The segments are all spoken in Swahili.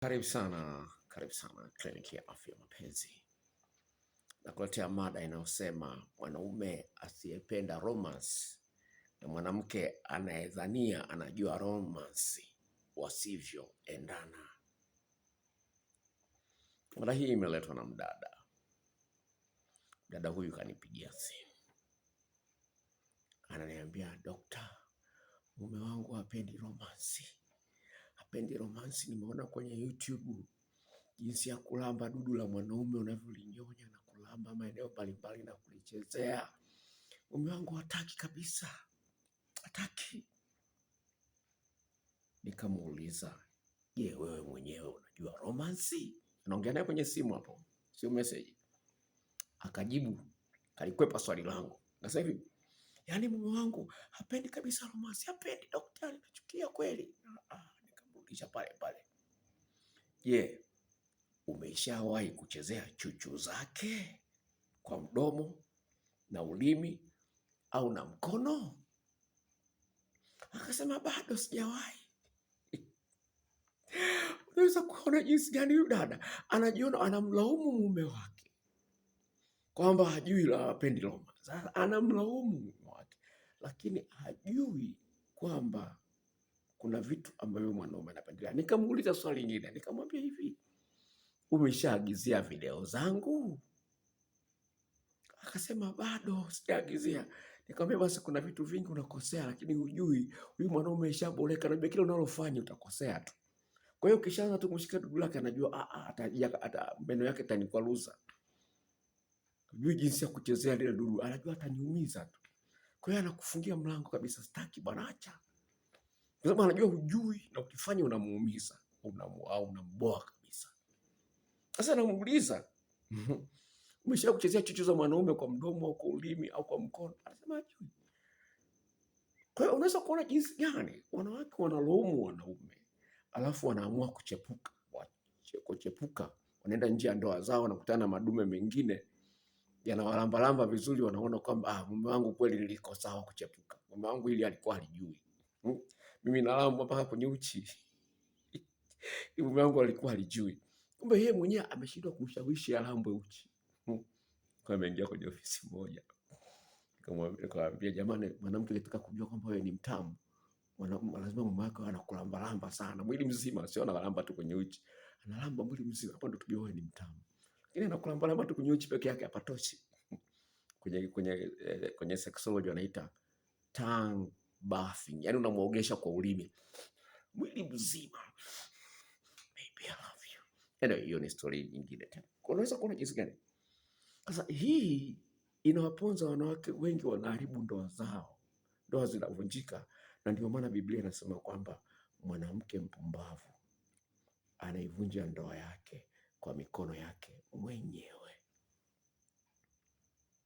Karibu sana, karibu sana kliniki ya afya mapenzi. Nakuletea mada inayosema mwanaume asiyependa romance na mwanamke anayedhania anajua romance wasivyoendana. Mada hii imeletwa na mdada. Mdada huyu kanipigia simu, ananiambia, dokta, mume wangu hapendi romance Pendi Romansi nimeona kwenye YouTube jinsi ya kulamba dudu la mwanaume unavyolinyonya na kulamba maeneo mbalimbali na kulichezea. Mume wangu hataki kabisa, hataki. Nikamuuliza, je, wewe mwenyewe unajua romansi? Anaongea naye kwenye simu hapo, sio message. Akajibu, kalikwepa swali langu. Nasema hivi, yaani mume wangu hapendi kabisa romansi, hapendi daktari, nachukia kweli. Ah, kisha pale pale. Je, umeshawahi kuchezea chuchu zake kwa mdomo na ulimi au na mkono? Akasema bado sijawahi. Unaweza kuona jinsi gani huyu dada anajiona, anamlaumu mume wake kwamba hajui la pendi Roma. Sasa anamlaumu mume wake, lakini hajui kwamba kuna vitu ambavyo mwanaume anapendelea. Nikamuuliza swali lingine, nikamwambia hivi, umeshaagizia video zangu? Akasema bado sijaagizia. Nikamwambia basi, kuna vitu vingi unakosea, lakini hujui, huyu mwanaume ameshaboleka, na kile unalofanya utakosea tu. Kwa hiyo kishaanza tu kumshika dudu lake, anajua ah, ah, meno yake tanikwaruza, hujui jinsi ya kuchezea lile dudu, anajua ataniumiza tu. Kwa hiyo anakufungia mlango kabisa, sitaki bwana, acha kwa sababu anajua hujui na ukifanya unamuumiza au unamboa kabisa. Sasa namuuliza umesha kuchezea chuchu za mwanaume kwa mdomo au kwa ulimi au kwa mkono? Anasema hajui. Kwa hiyo unaweza kuona jinsi gani wanawake wanalaumu wanaume alafu wanaamua kuchepuka kuchepuka, wanaenda nje ya ndoa zao, wanakutana na madume mengine yanawalambalamba vizuri, wanaona kwamba ah, mume wangu kweli nilikosa kuchepuka, mume wangu ili alikuwa alijui. Hmm? mimi nalamba mpaka kwenye uchi. Mume wangu alikuwa alijui, kumbe yeye mwenyewe ameshindwa kumshawishi alambwe uchi. Hmm. Kwa Ameingia kwenye ofisi moja, nikamwambia jamani, mwanamke anataka kujua kwamba wewe ni mtamu lazima mume wako anakulambalamba sana mwili mzima, sio analamba tu kwenye uchi, analamba mwili mzima. Hapo ndo tujue wewe ni mtamu, lakini anakulambalamba tu kwenye uchi peke yake hapatoshi. Kwenye, kwenye, eh, kwenye sexology wanaita tongue bathing, yani unamwogesha kwa ulimi mwili mzima. Baby, I love you. Anyway, hiyo ni story nyingine tena. Unaweza kuona jinsi gani sasa hii inawaponza wanawake wengi, wanaharibu ndoa zao, ndoa zinavunjika, na ndio maana Biblia inasema kwamba mwanamke mpumbavu anaivunja ndoa yake kwa mikono yake mwenyewe.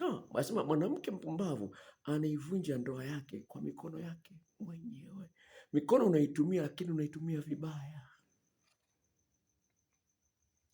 No, anasema mwanamke mpumbavu anaivunja ndoa yake kwa mikono yake mwenyewe. Mikono unaitumia lakini unaitumia vibaya.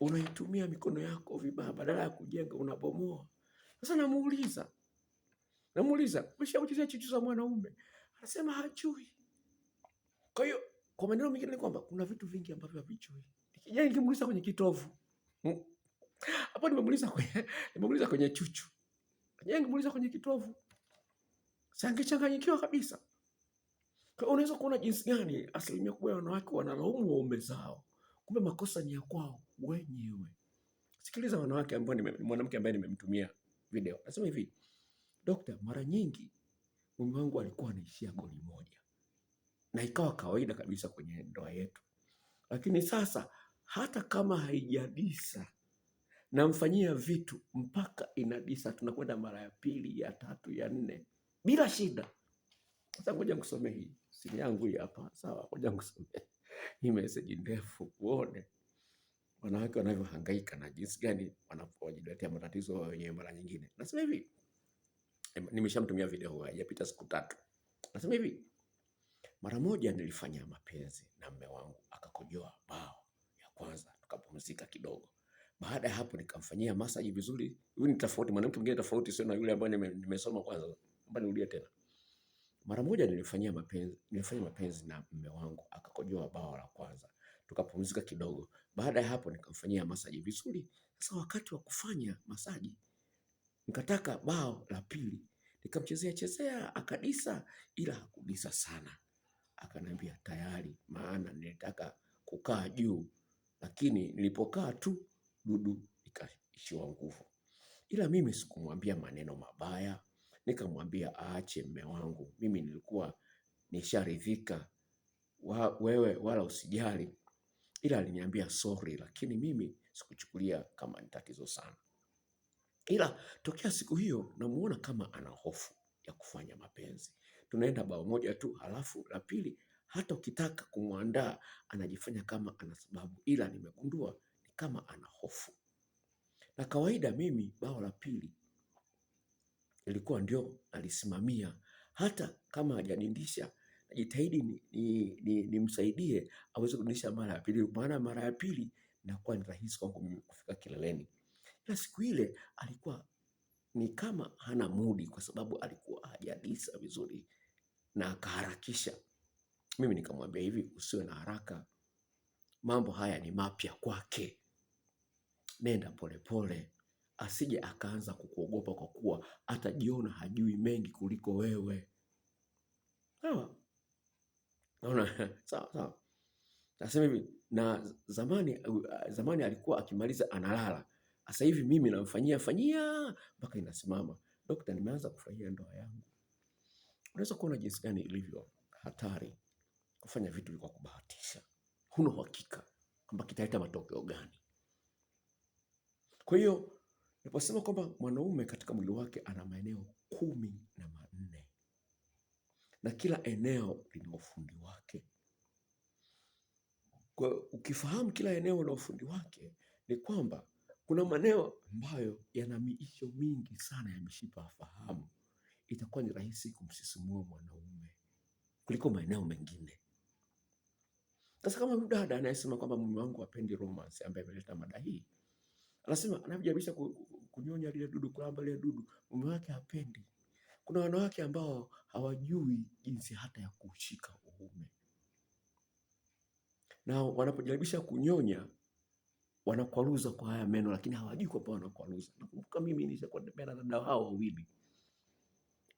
Unaitumia mikono yako vibaya, badala ya kujenga unabomoa. Sasa namuuliza, namuuliza umeshamchezea chuchu za mwanaume? Anasema hajui. Kwa hiyo kwa maneno mengine ni kwamba kuna vitu vingi ambavyo havijui. Nikimuuliza kwenye kitovu hmm, hapo, nimemuuliza kwenye, nimemuuliza kwenye chuchu yeye angemuuliza kwenye kitovu, sangechanganyikiwa kabisa. Kwa unaweza kuona jinsi gani asilimia kubwa ya wanawake wanalaumu waume zao, kumbe makosa ni ya kwao wenyewe. Sikiliza wanawake ambao mwanamke ambaye nimemtumia video anasema hivi, Dokta, mara nyingi mume wangu alikuwa anaishia goli moja na ikawa kawaida kabisa kwenye ndoa yetu, lakini sasa hata kama haijadisa namfanyia vitu mpaka inadisa, tunakwenda mara ya pili ya tatu ya nne bila shida. Sasa ngoja nikusomee hii, simu yangu hii hapa, sawa? Ngoja nikusomee hii message ndefu, uone wanawake wanavyohangaika na jinsi gani wanapojiletea matatizo wao wenyewe. Mara nyingine nasema hivi, nimeshamtumia video, haijapita siku tatu. Nasema hivi, mara moja nilifanya mapenzi na mume wangu akakojoa bao ya kwanza, tukapumzika kidogo baada ya hapo nikamfanyia massage vizuri. Huyu ni tofauti, mwanamke mwingine tofauti, sio na yule ambaye nimesoma kwanza. Mbona nirudia tena? Mara moja nilifanyia mapenzi, nilifanya mapenzi na mume wangu akakojoa bao la kwanza. Tukapumzika kidogo. Baada ya hapo nikamfanyia massage vizuri. Sasa wakati wa kufanya massage nikataka bao la pili. Nikamchezea chezea akadisa ila hakudisa sana. Akanambia tayari maana nilitaka kukaa juu lakini nilipokaa tu dudu nikaishiwa nguvu. Ila mimi sikumwambia maneno mabaya, nikamwambia aache, mme wangu, mimi nilikuwa nisharidhika wa, wewe wala usijali. Ila aliniambia sorry, lakini mimi sikuchukulia kama ni tatizo sana. Ila tokea siku hiyo namuona kama ana hofu ya kufanya mapenzi. Tunaenda bao moja tu, halafu la pili hata ukitaka kumwandaa anajifanya kama ana sababu, ila nimegundua kama ana hofu. Na kawaida mimi bao la pili ilikuwa ndio alisimamia, hata kama hajadindisha najitahidi nimsaidie ni, ni, ni aweze kudindisha mara ya pili, maana mara ya pili inakuwa ni rahisi kwangu mimi kufika kileleni. Na siku ile alikuwa ni kama hana mudi, kwa sababu alikuwa hajadisa vizuri na akaharakisha. Mimi nikamwambia hivi, usiwe na haraka, mambo haya ni mapya kwake, nenda polepole, asije akaanza kukuogopa kwa kuwa atajiona hajui mengi kuliko wewe. Sawa, naona sawa sawa. Nasema hivi na zamani, zamani alikuwa akimaliza analala, sasa hivi mimi namfanyia fanyia mpaka inasimama. Dokta, nimeanza kufurahia ndoa yangu. Unaweza kuona jinsi gani ilivyo hatari kufanya vitu kwa kubahatisha, huna uhakika kwamba kitaleta matokeo gani. Kwa hiyo naposema kwamba mwanaume katika mwili wake ana maeneo kumi na manne na kila eneo lina ufundi wake. Kwa ukifahamu kila eneo na ufundi wake, ni kwamba kuna maeneo ambayo yana miisho mingi sana ya mishipa ya fahamu, itakuwa ni rahisi kumsisimua mwanaume kuliko maeneo mengine. Sasa kama dada anayesema kwamba mume wangu apendi romance, ambaye ameleta mada hii, Anasema anajaribisha kunyonya lile dudu, kulamba lile dudu, mume wake hapendi. Kuna wanawake ambao hawajui jinsi hata ya kushika uume, na wanapojaribisha kunyonya wanakwaruza kwa haya meno, lakini hawajui kwamba wanakwaruza. Nakumbuka mimi nishakwenda na dada hao wawili,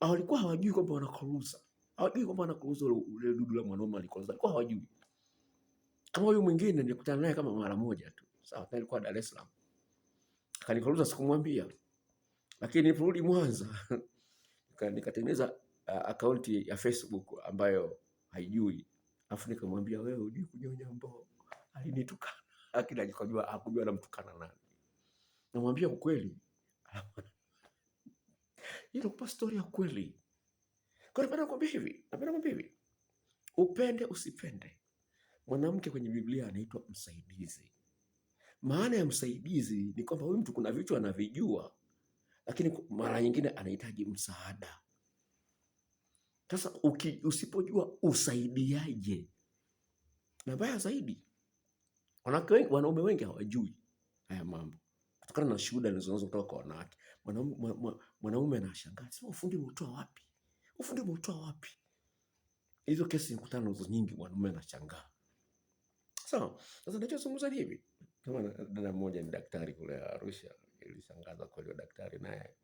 walikuwa hawajui kwamba wanakwaruza, hawajui kwamba wanakwaruza ule dudu la mwanaume, alikwaruza, alikuwa hawajui. Kama huyu mwingine nilikutana naye kama mara moja tu, sawa, alikuwa Dar es Salaam Kanikaluza sikumwambia. Lakini niliporudi Mwanza nikatengeneza akaunti ya Facebook ambayo haijui. Afu nikamwambia wewe hujui kunyonya mboo. Alinitukana. Lakini alikojua hakujua anamtukana nani. Namwambia ukweli. Hii nakupa stori ya kweli. Kwa nini nakwambia hivi? Napenda kwambia hivi. Upende usipende, mwanamke kwenye Biblia anaitwa msaidizi. Maana ya msaidizi ni kwamba huyu mtu kuna vitu anavijua, lakini mara nyingine anahitaji msaada. Sasa usipojua usaidiaje, na mbaya zaidi wanaume wengi hawajui haya mambo kutokana na shuhuda nilizonazo kutoka kwa wanawake. Mwanaume anashangaa sema, ufundi umeutoa wapi? Ufundi umeutoa wapi? Hizo kesi nikutana nazo nyingi, mwanaume anashangaa. Sawa, sasa ninachozungumza hivi kama dada mmoja ni daktari kule Arusha, ilishangaza kweli, daktari naye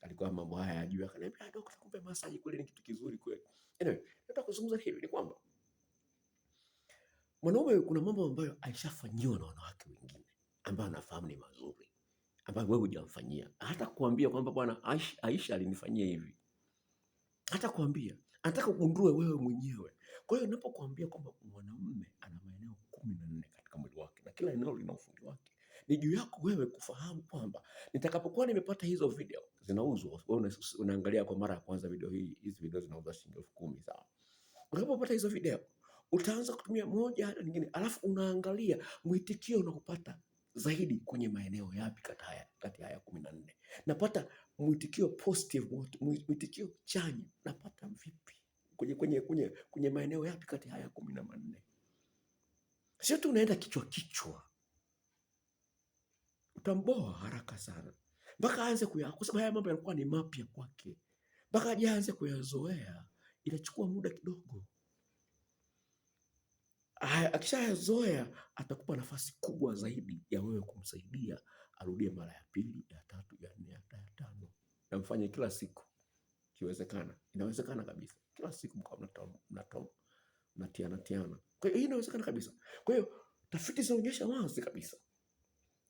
alikuwa mambo haya ajui, akaniambia ah, dokta, kumbe masaji kweli ni kitu kizuri kweli. Anyway, nataka kuzungumza hivi ni kwamba mwanaume, kuna mambo ambayo aishafanyiwa na wanawake wengine ambayo anafahamu ni mazuri, ambayo wewe hujamfanyia, hata kuambia kwamba bwana Aisha, alinifanyia hivi, hata kuambia, anataka ugundue wewe mwenyewe. Kwa hiyo unapokuambia kwamba mwanaume ana kila eneo lina ufundi wake. Ni juu yako wewe kufahamu kwamba nitakapokuwa nimepata hizo video zinauzwa, wewe unaangalia kwa mara ya kwanza video hii, hizi video zinauzwa shilingi elfu kumi sawa. Unapopata hizo video utaanza kutumia moja hata nyingine, alafu unaangalia mwitikio unakupata zaidi kwenye maeneo yapi kati haya kumi na nne. Napata mwitikio positive, mwitikio chanya napata vipi kwenye, kwenye, kwenye, kwenye maeneo yapi kati haya kumi na manne? sio tu unaenda kichwa kichwa, utamboa haraka sana mpaka aanze kuya, kwa sababu haya mambo yalikuwa ni mapya kwake, mpaka aanze kuyazoea inachukua muda kidogo. Akishayazoea atakupa nafasi kubwa zaidi ya wewe kumsaidia arudie mara ya pili, ya tatu, ya nne, hata ya tano, na mfanye kila siku ikiwezekana. Inawezekana kabisa, kila siku mkawa mnatiana tiana kwa hiyo hii inawezekana kabisa. Kwa hiyo tafiti zinaonyesha wazi kabisa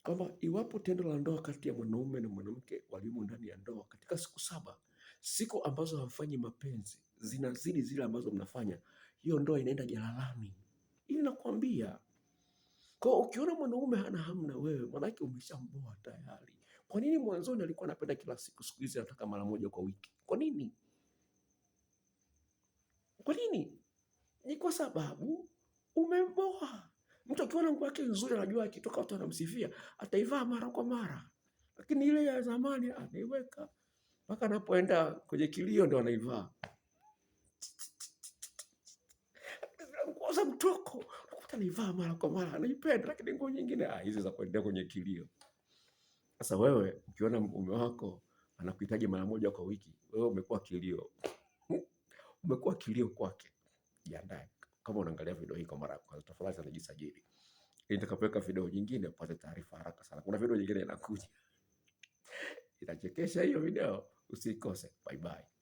kwamba iwapo tendo la ndoa kati ya mwanaume na mwanamke walimo ndani ya ndoa katika siku saba, siku ambazo hamfanyi mapenzi zinazidi zile ambazo mnafanya, hiyo ndoa inaenda jalalani. Ili nakwambia kwa ukiona mwanaume hana hamu na wewe, manake umeshamboa tayari. Kwa nini mwanzoni alikuwa anapenda kila siku, siku hizi anataka mara moja kwa wiki? Kwa nini? Kwa nini? ni kwa sababu umemboa. Mtu akiwa na nguo yake nzuri, anajua akitoka watu wanamsifia, ataivaa mara kwa mara, lakini ile ya zamani anaiweka mpaka anapoenda kwenye kilio ndo anaivaa nguo za mtoko anaivaa mara kwa mara, anaipenda, lakini nguo nyingine ah, hizi za kuendea kwenye kilio. Sasa wewe ukiona mume wako anakuhitaji mara moja kwa wiki, wewe umekuwa kilio, umekuwa kilio kwake jiandae. Kama unaangalia video hii kwa mara ya kwanza, tafadhali sana jisajili ili nitakapoweka video nyingine upate taarifa haraka sana. Kuna video nyingine inakuja, itachekesha hiyo video, usikose. Bye bye.